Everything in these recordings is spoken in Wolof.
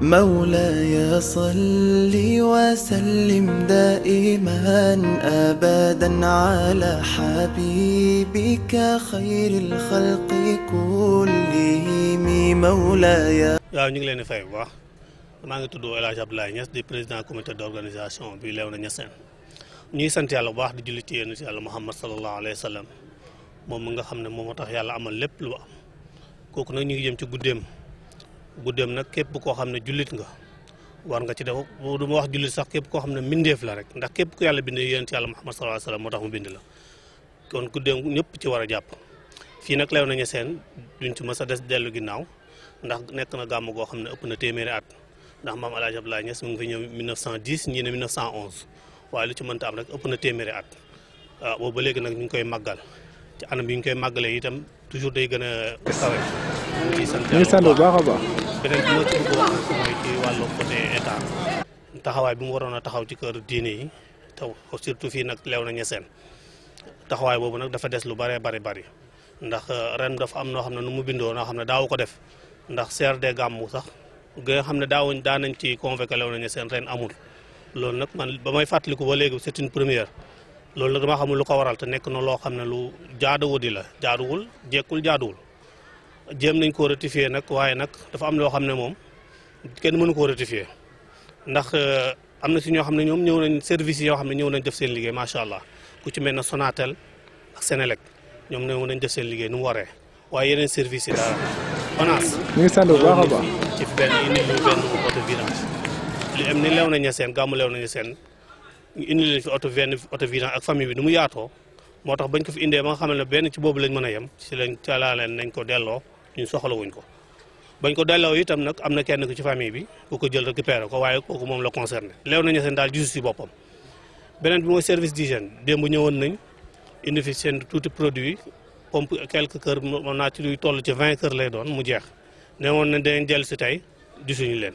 مولاي صل وسلم دائما ابدا على حبيبك خير الخلق كلهم مولاي يا نيغ لين فاي واخ ماغي تودو الاج عبد الله نياس دي بريزيدان كوميتي دورغانيزاسيون بي ليونا نياسين ني سانتي الله واخ دي جولي تي نتي الله محمد صلى الله عليه وسلم موم ميغا خامني تخ يالا امال ليب لو كوكو نيغي جيم تي غوديم guddeem nag képp koo xam ne jullit nga war nga ci def du ma wax jullit sax képp koo xam ne mbindeef la rek ndax képp ku yàlla bindee yonent yàlla Muhammad bind la kon guddeem ñëpp ci war a jàpp fii nag leew nañu seen duñ ci mës a des dellu ginnaaw ndax nekk na gàmm goo xam ne ëpp na téeméeri at ndax maam El Hadj Abdoulaye Niass mu ngi fi ñëw 1910 ñii ne 1911 waaye lu ci mënta am rek ëpp na téeméeri at waaw ah, ba léegi nag ñu ngi koy màggal ci anam bi ñu koy màggalee itam toujours day gën a kawe. ñu beneen bi ma ci bëggoon mooy ci wàllu côté état taxawaay bi mu waroon a taxaw ci kër diini yi te surtout fii nag lew na ñeseen taxawaay boobu nag dafa des lu bëree bari bari ndax euh, ren dafa am noo xam ne nu mu bindoo noo xam ne daaw ko def ndax CRD gàmmu sax nga xam ne daawuñ daan nañ ci convoqué leew na ñeseen ren amul loolu nag man ba may fàttaliku ba léegi c'est une première loolu nag dama xamul lu ko waral te nekk na loo xam ne lu jaaduwul di la jaaduwul jekkul jaaduwul jéem nañ koo ratifié nag waaye nag dafa am loo xam ne moom kenn mënu koo ratifié ndax euh, am na si ñoo xam ne ñoom ñëw nañ service yoo xam ne ñëw nañ def seen liggéey macha allah ku ci mel ne Sonatel ak Senelec ñoom ñëw nañ def seen liggéey nu mu waree waaye yeneen service yi daal ONAS. ñu ngi sant seen gàmmu lew nañu seen ñu indi leen fi ak famille bi nu mu yaatoo moo tax bañ ko fi indee ba nga xam ne benn ci boobu lañ mën a yem ci lañ ca nañ ko delloo. ñun soxlawuñ ko bañ ko delloo itam nag am na kenn ku ci famille bi ku ko jël récupéré ko waaye kooku moom la concerné leew nañu seen daal gisu si boppam beneen bi mooy service d'hygiène seen tuuti produit pompe nañ danañ si tey gisuñu leen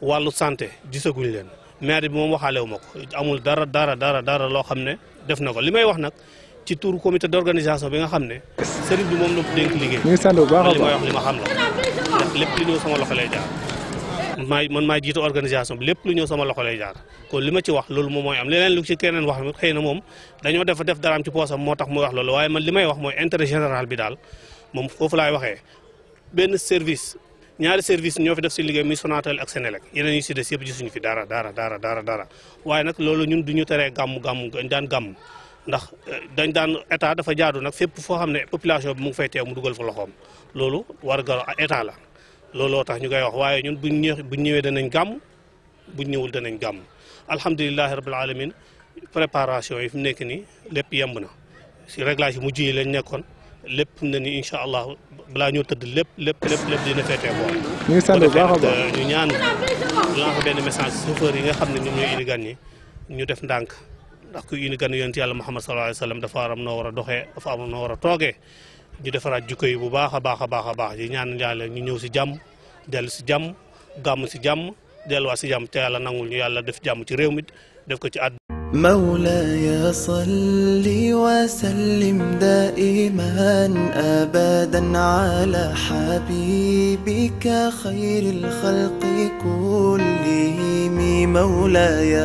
wàllu santé gisaguñu leen maire bi moom waxaalewu ko amul dara dara dara loo xam ne def na ko li may wax nag ci turu comité d'organisation bi nga xam ne sëriñ bi moom la mu liggéey. ñu ngi li ma wax li ma xam la ndax lépp lu ñëw sama loxo jaar. man maay jiite organisation bi lépp lu ñëw sama loxo lay jaar kon li ma ci wax loolu moom mooy am leneen lu ci keneen wax xëy na moom dañoo def def daraam ci poosam moo tax muy wax loolu waaye man li may wax mooy intérêt général bi daal moom foofu laay waxee benn service ñaari service ñoo fi def si liggéey mi Sonatel ak Senelec yeneen ñu si des yëpp fi dara dara dara dara dara waaye nag loolu ñun du ñu teree gàmm gàmm daan gàmm ndax euh, dañ daan état dafa jaadu nag fépp foo xam ne population bi mu ngi fay teew mu dugal fa loxoom loolu war ga état la looloo tax ñu koy wax waaye ñun buñ ñëw buñ ñëwee danañ gàmm buñ ñëwul danañ gàmm alhamdulilahi rabil alamin préparation yi fi mu nekk nii lépp yemb na si réglage yi mujj yi lañ nekkoon lépp na ni incha allah balaa ñoo tëdd lépp lépp lépp dina feetee bool ñu ngi a baax euh, ñu ñaan lancé benn message chauffeur yi nga xam ne ñoom ñooy indi gan ñi ñu def ndànk ndax ku yu ni gan yonent yàlla Muhammad sallallahu alayhi wa sallam dafa am noo war a doxee dafa am noo war a toogee ñu defaraat jikko yi bu baax a baax a baax a baax yi ñaan yàlla ñu ñëw si jàmm dellu si jàmm gàmm si jàmm delluwaat si jàmm te yàlla nangul ñu yàlla def jàmm ci réew mi def ko ci àdd مولاي صل وسلم دائما ابدا على حبيبك خير الخلق كلهم مولاي